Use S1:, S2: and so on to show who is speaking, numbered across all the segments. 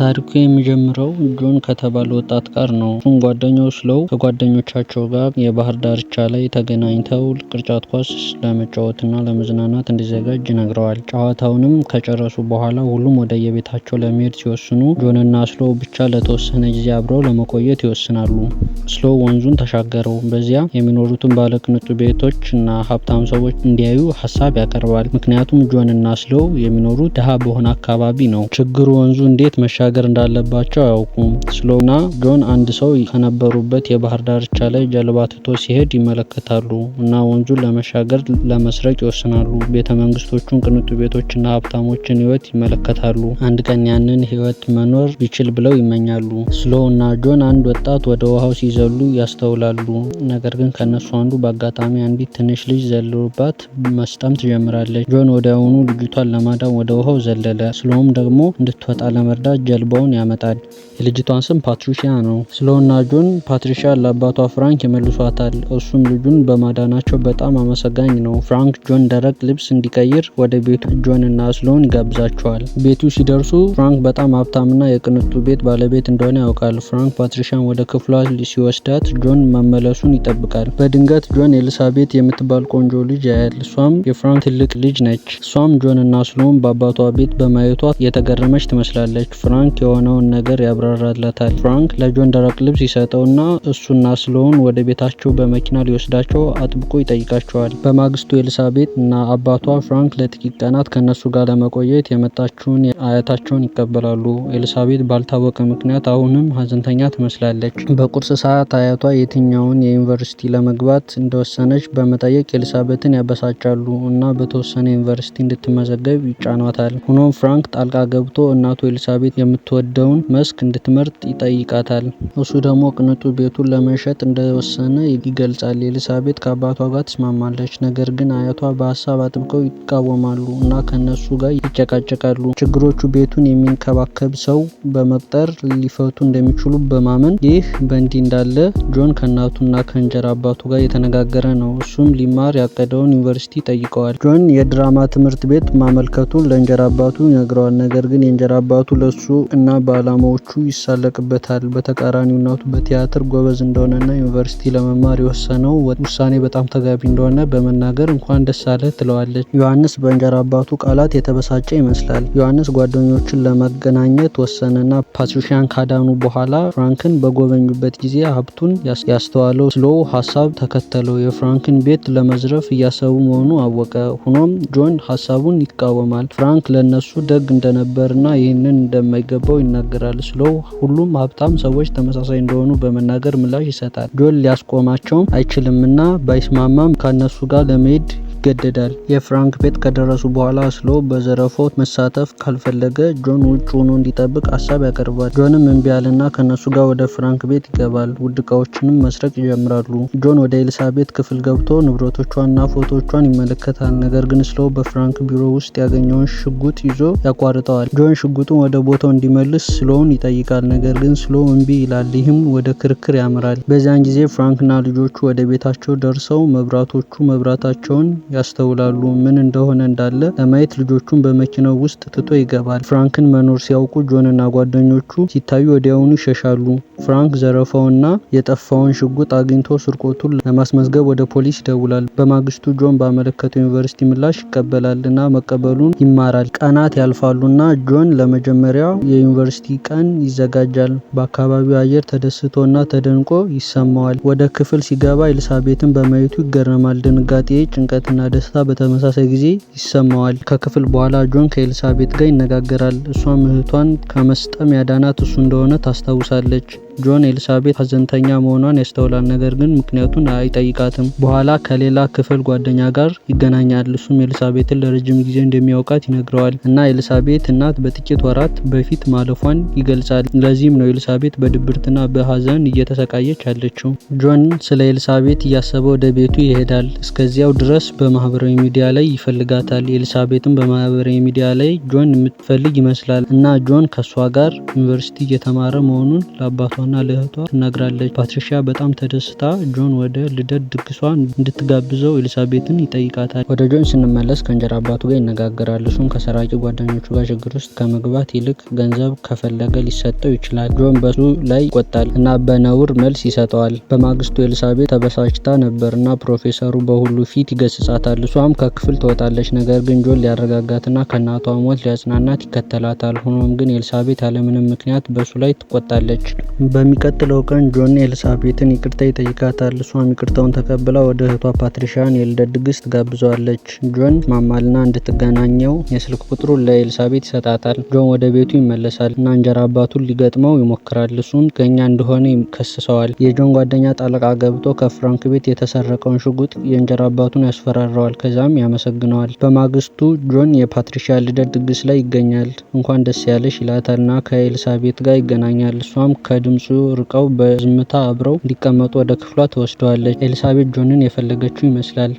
S1: ታሪኩ የሚጀምረው ጆን ከተባለ ወጣት ጋር ነው። እሱም ጓደኛው ስለው ከጓደኞቻቸው ጋር የባህር ዳርቻ ላይ ተገናኝተው ቅርጫት ኳስ ለመጫወትና ለመዝናናት እንዲዘጋጅ ይነግረዋል። ጨዋታውንም ከጨረሱ በኋላ ሁሉም ወደ የቤታቸው ለመሄድ ሲወስኑ ጆንና ስሎው ብቻ ለተወሰነ ጊዜ አብረው ለመቆየት ይወስናሉ። ስሎው ወንዙን ተሻገረው። በዚያ የሚኖሩትን ባለቅንጡ ቤቶች እና ሀብታም ሰዎች እንዲያዩ ሀሳብ ያቀርባል። ምክንያቱም ጆንና ስሎው የሚኖሩ ድሃ በሆነ አካባቢ ነው። ችግሩ ወንዙ እንዴት መሻ መሻገር እንዳለባቸው አያውቁም። ስሎና ጆን አንድ ሰው ከነበሩበት የባህር ዳርቻ ላይ ጀልባ ትቶ ሲሄድ ይመለከታሉ እና ወንዙን ለመሻገር ለመስረቅ ይወስናሉ። ቤተ መንግስቶቹን፣ ቅንጡ ቤቶችና ሀብታሞችን ህይወት ይመለከታሉ። አንድ ቀን ያንን ህይወት መኖር ቢችል ብለው ይመኛሉ። ስሎ እና ጆን አንድ ወጣት ወደ ውሃው ሲዘሉ ያስተውላሉ። ነገር ግን ከነሱ አንዱ በአጋጣሚ አንዲት ትንሽ ልጅ ዘሎባት መስጠም ትጀምራለች። ጆን ወዲያውኑ ልጅቷን ለማዳን ወደ ውሃው ዘለለ። ስሎም ደግሞ እንድትወጣ ለመርዳት ጀልባውን ያመጣል። የልጅቷን ስም ፓትሪሺያ ነው። ስለሆና ጆን ፓትሪሺያ ለአባቷ ፍራንክ ይመልሷታል። እሱም ልጁን በማዳናቸው በጣም አመሰጋኝ ነው። ፍራንክ ጆን ደረቅ ልብስ እንዲቀይር ወደ ቤቱ ጆን እና ስሎን ይጋብዛቸዋል። ቤቱ ሲደርሱ ፍራንክ በጣም ሀብታምና የቅንጡ ቤት ባለቤት እንደሆነ ያውቃል። ፍራንክ ፓትሪሻን ወደ ክፍሏ ሲወስዳት ጆን መመለሱን ይጠብቃል። በድንገት ጆን ኤልሳቤት የምትባል ቆንጆ ልጅ ያያል። እሷም የፍራንክ ትልቅ ልጅ ነች። እሷም ጆን እና ስሎን በአባቷ ቤት በማየቷ የተገረመች ትመስላለች። ፍራንክ ፍራንክ የሆነውን ነገር ያብራራለታል። ፍራንክ ለጆን ደረቅ ልብስ ይሰጠውና እሱና ስሎን ወደ ቤታቸው በመኪና ሊወስዳቸው አጥብቆ ይጠይቃቸዋል። በማግስቱ ኤልሳቤት እና አባቷ ፍራንክ ለጥቂት ቀናት ከነሱ ጋር ለመቆየት የመጣችውን አያታቸውን ይቀበላሉ። ኤልሳቤት ባልታወቀ ምክንያት አሁንም ሀዘንተኛ ትመስላለች። በቁርስ ሰዓት አያቷ የትኛውን የዩኒቨርሲቲ ለመግባት እንደወሰነች በመጠየቅ ኤልሳቤትን ያበሳጫሉ እና በተወሰነ ዩኒቨርሲቲ እንድትመዘገብ ይጫኗታል። ሆኖም ፍራንክ ጣልቃ ገብቶ እናቱ ኤልሳቤት የምትወደውን መስክ እንድትመርጥ ይጠይቃታል። እሱ ደግሞ ቅንጡ ቤቱን ለመሸጥ እንደወሰነ ይገልጻል። ኤልሳቤት ከአባቷ ጋር ትስማማለች። ነገር ግን አያቷ በሀሳብ አጥብቀው ይቃወማሉ እና ከነሱ ጋር ይጨቃጨቃሉ። ችግሮቹ ቤቱን የሚንከባከብ ሰው በመቅጠር ሊፈቱ እንደሚችሉ በማመን ይህ በእንዲህ እንዳለ ጆን ከእናቱና ከእንጀራ አባቱ ጋር የተነጋገረ ነው። እሱም ሊማር ያቀደውን ዩኒቨርሲቲ ጠይቀዋል። ጆን የድራማ ትምህርት ቤት ማመልከቱን ለእንጀራ አባቱ ይነግረዋል። ነገር ግን የእንጀራ አባቱ ለሱ እና በዓላማዎቹ ይሳለቅበታል። በተቃራኒው እናቱ በቲያትር ጎበዝ እንደሆነና ዩኒቨርሲቲ ለመማር የወሰነው ውሳኔ በጣም ተጋቢ እንደሆነ በመናገር እንኳን ደስ አለ ትለዋለች። ዮሐንስ በእንጀራ አባቱ ቃላት የተበሳጨ ይመስላል። ዮሐንስ ጓደኞችን ለመገናኘት ወሰነና ፓትሪሺያን ካዳኑ በኋላ ፍራንክን በጎበኙበት ጊዜ ሀብቱን ያስተዋለው ስሎው ሀሳብ ተከተለው። የፍራንክን ቤት ለመዝረፍ እያሰቡ መሆኑ አወቀ። ሆኖም ጆን ሀሳቡን ይቃወማል። ፍራንክ ለእነሱ ደግ እንደነበርና ይህንን እንደማይገ እንደሚገባው ይናገራል። ስለው ሁሉም ሀብታም ሰዎች ተመሳሳይ እንደሆኑ በመናገር ምላሽ ይሰጣል። ጆል ሊያስቆማቸውም አይችልምና ባይስማማም ከነሱ ጋር ለመሄድ ይገደዳል። የፍራንክ ቤት ከደረሱ በኋላ ስሎ በዘረፋው መሳተፍ ካልፈለገ ጆን ውጭ ሆኖ እንዲጠብቅ ሀሳብ ያቀርባል። ጆንም እምቢ አለና ከነሱ ጋር ወደ ፍራንክ ቤት ይገባል። ውድ እቃዎችንም መስረቅ ይጀምራሉ። ጆን ወደ ኤልሳቤት ክፍል ገብቶ ንብረቶቿንና ፎቶዎቿን ይመለከታል። ነገር ግን ስሎ በፍራንክ ቢሮ ውስጥ ያገኘውን ሽጉጥ ይዞ ያቋርጠዋል። ጆን ሽጉጡን ወደ ቦታው እንዲመልስ ስሎውን ይጠይቃል። ነገር ግን ስሎ እምቢ ይላል። ይህም ወደ ክርክር ያምራል። በዚያን ጊዜ ፍራንክና ልጆቹ ወደ ቤታቸው ደርሰው መብራቶቹ መብራታቸውን ያስተውላሉ። ምን እንደሆነ እንዳለ ለማየት ልጆቹን በመኪናው ውስጥ ትቶ ይገባል። ፍራንክን መኖር ሲያውቁ ጆንና ጓደኞቹ ሲታዩ ወዲያውኑ ይሸሻሉ። ፍራንክ ዘረፋውና የጠፋውን ሽጉጥ አግኝቶ ስርቆቱን ለማስመዝገብ ወደ ፖሊስ ይደውላል። በማግስቱ ጆን ባመለከተው ዩኒቨርሲቲ ምላሽ ይቀበላልና መቀበሉን ይማራል። ቀናት ያልፋሉና ጆን ለመጀመሪያው የዩኒቨርሲቲ ቀን ይዘጋጃል። በአካባቢው አየር ተደስቶና ተደንቆ ይሰማዋል። ወደ ክፍል ሲገባ ኤልሳቤትን በማየቱ ይገረማል። ድንጋጤ፣ ጭንቀት እና ደስታ በተመሳሳይ ጊዜ ይሰማዋል። ከክፍል በኋላ ጆን ከኤልሳቤት ጋር ይነጋገራል። እሷም እህቷን ከመስጠም ያዳናት እሱ እንደሆነ ታስታውሳለች። ጆን ኤልሳቤት ሀዘንተኛ መሆኗን ያስተውላል። ነገር ግን ምክንያቱን አይጠይቃትም። በኋላ ከሌላ ክፍል ጓደኛ ጋር ይገናኛል። እሱም ኤልሳቤትን ለረጅም ጊዜ እንደሚያውቃት ይነግረዋል እና ኤልሳቤት እናት በጥቂት ወራት በፊት ማለፏን ይገልጻል። ለዚህም ነው ኤልሳቤት በድብርትና በሀዘን እየተሰቃየች አለችው። ጆን ስለ ኤልሳቤት እያሰበ ወደ ቤቱ ይሄዳል። እስከዚያው ድረስ በማህበራዊ ሚዲያ ላይ ይፈልጋታል። ኤልሳቤትም በማህበራዊ ሚዲያ ላይ ጆን የምትፈልግ ይመስላል እና ጆን ከእሷ ጋር ዩኒቨርሲቲ እየተማረ መሆኑን ለአባቷ ለአባቷና ለእህቷ ትናግራለች። ፓትሪሻ በጣም ተደስታ ጆን ወደ ልደት ድግሷ እንድትጋብዘው ኤሊዛቤትን ይጠይቃታል። ወደ ጆን ስንመለስ ከእንጀራ አባቱ ጋር ይነጋገራል። እሱም ከሰራቂ ጓደኞቹ ጋር ችግር ውስጥ ከመግባት ይልቅ ገንዘብ ከፈለገ ሊሰጠው ይችላል። ጆን በሱ ላይ ይቆጣል እና በነውር መልስ ይሰጠዋል። በማግስቱ ኤሊዛቤት ተበሳጭታ ነበርና ፕሮፌሰሩ በሁሉ ፊት ይገስጻታል። እሷም ከክፍል ትወጣለች። ነገር ግን ጆን ሊያረጋጋትና ከእናቷ ሞት ሊያጽናናት ይከተላታል። ሆኖም ግን ኤሊዛቤት ያለምንም ምክንያት በሱ ላይ ትቆጣለች። በሚቀጥለው ቀን ጆን ኤልሳቤትን ይቅርታ ይጠይቃታል። እሷም ይቅርታውን ተቀብላ ወደ እህቷ ፓትሪሻን የልደት ድግስ ትጋብዘዋለች። ጆን ማማልና እንድትገናኘው የስልክ ቁጥሩን ለኤልሳቤት ይሰጣታል። ጆን ወደ ቤቱ ይመለሳል እና እንጀራ አባቱን ሊገጥመው ይሞክራል። እሱን ከኛ እንደሆነ ይከስሰዋል። የጆን ጓደኛ ጣልቃ ገብቶ ከፍራንክ ቤት የተሰረቀውን ሽጉጥ የእንጀራ አባቱን ያስፈራረዋል። ከዛም ያመሰግነዋል። በማግስቱ ጆን የፓትሪሻ ልደት ድግስ ላይ ይገኛል። እንኳን ደስ ያለሽ ይላታልና ከኤልሳቤት ጋር ይገናኛል። እሷም ከድምፁ ከእሱ ርቀው በዝምታ አብረው እንዲቀመጡ ወደ ክፍሏ ትወስደዋለች። ኤሊዛቤት ጆንን የፈለገችው ይመስላል።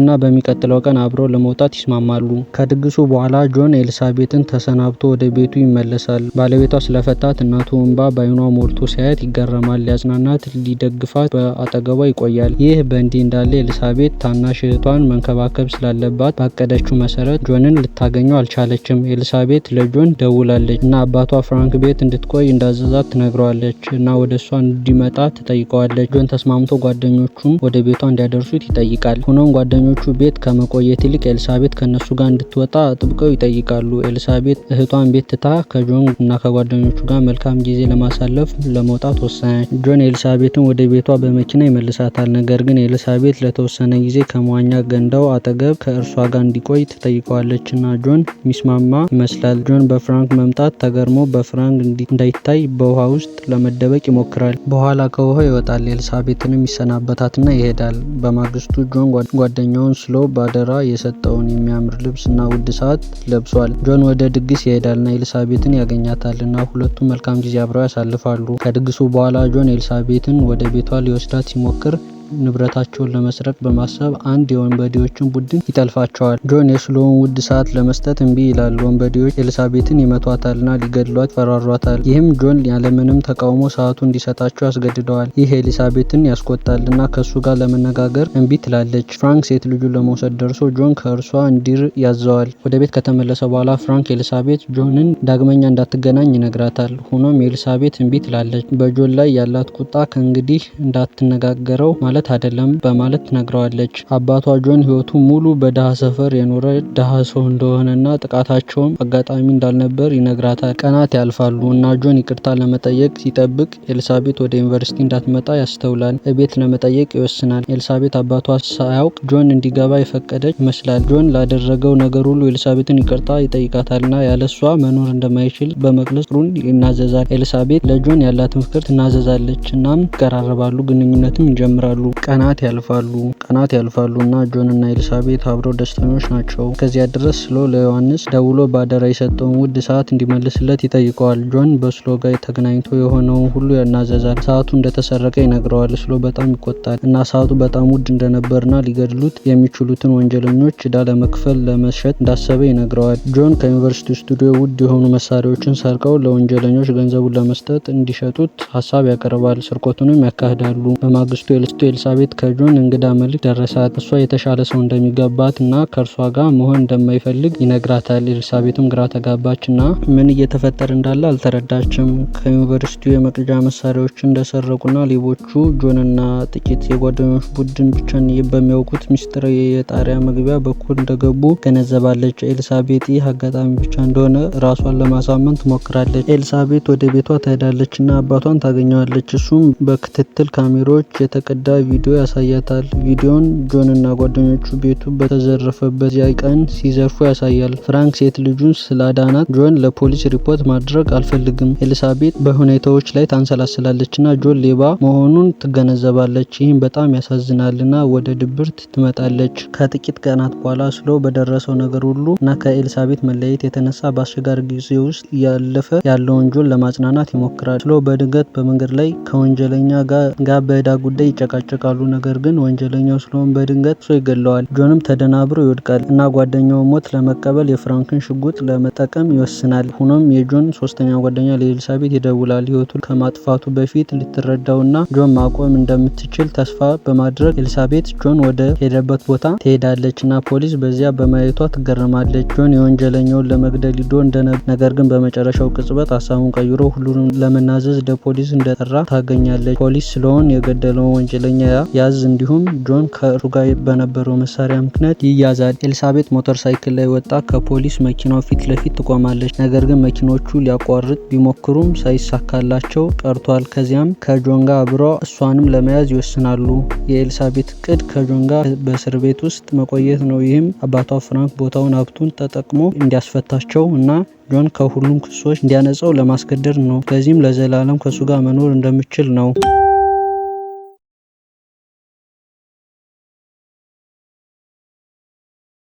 S1: እና በሚቀጥለው ቀን አብረው ለመውጣት ይስማማሉ። ከድግሱ በኋላ ጆን ኤልሳቤትን ተሰናብቶ ወደ ቤቱ ይመለሳል። ባለቤቷ ስለፈታት እናቱ እንባ በአይኗ ሞልቶ ሲያያት ይገረማል። ሊያጽናናት፣ ሊደግፋት በአጠገቧ ይቆያል። ይህ በእንዲህ እንዳለ ኤልሳቤት ታናሽ እህቷን መንከባከብ ስላለባት ባቀደችው መሰረት ጆንን ልታገኘው አልቻለችም። ኤልሳቤት ለጆን ደውላለች እና አባቷ ፍራንክ ቤት እንድትቆይ እንዳዘዛት ትነግረዋለች እና ወደ እሷ እንዲመጣ ትጠይቀዋለች። ጆን ተስማምቶ ጓደኞቹን ወደ ቤቷ እንዲያደርሱት ይጠይቃል። ሆኖም ጓደ በስደተኞቹ ቤት ከመቆየት ይልቅ ኤልሳቤት ከነሱ ጋር እንድትወጣ ጥብቀው ይጠይቃሉ። ኤልሳቤት እህቷን ቤት ትታ ከጆን እና ከጓደኞቹ ጋር መልካም ጊዜ ለማሳለፍ ለመውጣት ወሰነች። ጆን ኤልሳቤትን ወደ ቤቷ በመኪና ይመልሳታል። ነገር ግን ኤልሳቤት ለተወሰነ ጊዜ ከመዋኛ ገንዳው አጠገብ ከእርሷ ጋር እንዲቆይ ትጠይቀዋለች እና ጆን ሚስማማ ይመስላል። ጆን በፍራንክ መምጣት ተገርሞ በፍራንክ እንዳይታይ በውሃ ውስጥ ለመደበቅ ይሞክራል። በኋላ ከውሃ ይወጣል። ኤልሳቤትንም ይሰናበታትና ይሄዳል። በማግስቱ ጆን ጓደኛ ጓደኛውን ስሎ ባደራ የሰጠውን የሚያምር ልብስ እና ውድ ሰዓት ለብሷል። ጆን ወደ ድግስ ይሄዳልና ኤልሳቤትን ያገኛታልና ሁለቱም መልካም ጊዜ አብረው ያሳልፋሉ። ከድግሱ በኋላ ጆን ኤልሳቤትን ወደ ቤቷ ሊወስዳት ሲሞክር ንብረታቸውን ለመስረቅ በማሰብ አንድ የወንበዴዎችን ቡድን ይጠልፋቸዋል። ጆን የስሎውን ውድ ሰዓት ለመስጠት እምቢ ይላል። ወንበዴዎች ኤልሳቤትን ይመቷታልና ሊገድሏት ይፈራሯታል። ይህም ጆን ያለምንም ተቃውሞ ሰዓቱ እንዲሰጣቸው ያስገድደዋል። ይህ ኤሊሳቤትን ያስቆጣልና ከሱ ጋር ለመነጋገር እምቢ ትላለች። ፍራንክ ሴት ልጁን ለመውሰድ ደርሶ ጆን ከእርሷ እንዲር ያዘዋል። ወደ ቤት ከተመለሰ በኋላ ፍራንክ ኤልሳቤት ጆንን ዳግመኛ እንዳትገናኝ ይነግራታል። ሆኖም ኤልሳቤት እምቢ ትላለች። በጆን ላይ ያላት ቁጣ ከእንግዲህ እንዳትነጋገረው ማለት ማለት አይደለም በማለት ትነግረዋለች። አባቷ ጆን ህይወቱ ሙሉ በድሃ ሰፈር የኖረ ድሃ ሰው እንደሆነና ጥቃታቸውም አጋጣሚ እንዳልነበር ይነግራታል። ቀናት ያልፋሉ እና ጆን ይቅርታ ለመጠየቅ ሲጠብቅ ኤልሳቤት ወደ ዩኒቨርሲቲ እንዳትመጣ ያስተውላል። እቤት ለመጠየቅ ይወስናል። ኤልሳቤት አባቷ ሳያውቅ ጆን እንዲገባ የፈቀደች ይመስላል። ጆን ላደረገው ነገር ሁሉ ኤልሳቤትን ይቅርታ ይጠይቃታልና ያለሷ መኖር እንደማይችል በመግለጽ ሩን ይናዘዛል። ኤልሳቤት ለጆን ያላትን ፍቅር ትናዘዛለች። እናም ይቀራረባሉ፣ ግንኙነትም ይጀምራሉ። ይሆናሉ። ቀናት ያልፋሉ ቀናት ያልፋሉ እና ጆን እና ኤልሳቤት አብረው ደስተኞች ናቸው። ከዚያ ድረስ ስሎ ለዮሐንስ ደውሎ በአደራ የሰጠውን ውድ ሰዓት እንዲመልስለት ይጠይቀዋል። ጆን በስሎ ጋር ተገናኝቶ የሆነውን ሁሉ ያናዘዛል። ሰዓቱ እንደተሰረቀ ይነግረዋል። ስሎ በጣም ይቆጣል እና ሰዓቱ በጣም ውድ እንደነበርና ሊገድሉት የሚችሉትን ወንጀለኞች እዳ ለመክፈል ለመሸጥ እንዳሰበ ይነግረዋል። ጆን ከዩኒቨርሲቲ ስቱዲዮ ውድ የሆኑ መሳሪያዎችን ሰርቀው ለወንጀለኞች ገንዘቡን ለመስጠት እንዲሸጡት ሀሳብ ያቀርባል። ስርቆቱንም ያካሂዳሉ። በማግስቱ ኤልሳቤት ከጆን እንግዳ መልክ ደረሳት። እሷ የተሻለ ሰው እንደሚገባት እና ከእርሷ ጋር መሆን እንደማይፈልግ ይነግራታል። ኤልሳቤትም ግራ ተጋባች እና ምን እየተፈጠረ እንዳለ አልተረዳችም። ከዩኒቨርሲቲው የመቅጃ መሳሪያዎች እንደሰረቁና ሌቦቹ ጆንና ጥቂት የጓደኞች ቡድን ብቻን በሚያውቁት ሚስጥራዊ የጣሪያ መግቢያ በኩል እንደገቡ ገነዘባለች። ኤልሳቤት ይህ አጋጣሚ ብቻ እንደሆነ ራሷን ለማሳመን ትሞክራለች። ኤልሳቤት ወደ ቤቷ ትሄዳለች እና አባቷን ታገኘዋለች። እሱም በክትትል ካሜሮች የተቀዳ ቪዲዮ ያሳያታል። ቪዲዮን ጆን እና ጓደኞቹ ቤቱ በተዘረፈበት ያ ቀን ሲዘርፉ ያሳያል። ፍራንክ ሴት ልጁን ስላዳናት ጆን ለፖሊስ ሪፖርት ማድረግ አልፈልግም። ኤልሳቤት በሁኔታዎች ላይ ታንሰላስላለችና ጆን ሌባ መሆኑን ትገነዘባለች። ይህም በጣም ያሳዝናልና ወደ ድብርት ትመጣለች። ከጥቂት ቀናት በኋላ ስሎ በደረሰው ነገር ሁሉ እና ከኤልሳቤት መለየት የተነሳ በአስቸጋሪ ጊዜ ውስጥ እያለፈ ያለውን ጆን ለማጽናናት ይሞክራል። ስሎ በድንገት በመንገድ ላይ ከወንጀለኛ ጋር በዕዳ ጉዳይ ይጨቃጫል። ይጨቃጨቃሉ። ነገር ግን ወንጀለኛው ስለሆነ በድንገት እሱ ይገለዋል። ጆንም ተደናብሮ ይወድቃል እና ጓደኛው ሞት ለመቀበል የፍራንክን ሽጉጥ ለመጠቀም ይወስናል። ሆኖም የጆን ሶስተኛ ጓደኛ ለኤልሳቤት ይደውላል። ህይወቱ ከማጥፋቱ በፊት ልትረዳውና ጆን ማቆም እንደምትችል ተስፋ በማድረግ ኤልሳቤት ጆን ወደ ሄደበት ቦታ ትሄዳለች እና ፖሊስ በዚያ በማየቷ ትገረማለች። ጆን የወንጀለኛውን ለመግደል ሂዶ እንደነበር ነገር ግን በመጨረሻው ቅጽበት ሀሳቡን ቀይሮ ሁሉንም ለመናዘዝ ለፖሊስ እንደጠራ ታገኛለች። ፖሊስ ስለሆን የገደለውን ወንጀለኛ ያዝ እንዲሁም ጆን ከእርሱ ጋር በነበረው መሳሪያ ምክንያት ይያዛል። ኤልሳቤት ሞተር ሳይክል ላይ ወጣ ከፖሊስ መኪናው ፊት ለፊት ትቆማለች። ነገር ግን መኪኖቹ ሊያቋርጥ ቢሞክሩም ሳይሳካላቸው ቀርቷል። ከዚያም ከጆን ጋር አብሮ እሷንም ለመያዝ ይወስናሉ። የኤልሳቤት እቅድ ከጆን ጋር በእስር ቤት ውስጥ መቆየት ነው። ይህም አባቷ ፍራንክ ቦታውን ሀብቱን ተጠቅሞ እንዲያስፈታቸው እና ጆን ከሁሉም ክሶች እንዲያነጸው ለማስገደድ ነው። በዚህም ለዘላለም ከሱ ጋር መኖር እንደምችል ነው።